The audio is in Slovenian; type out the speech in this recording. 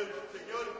el Señor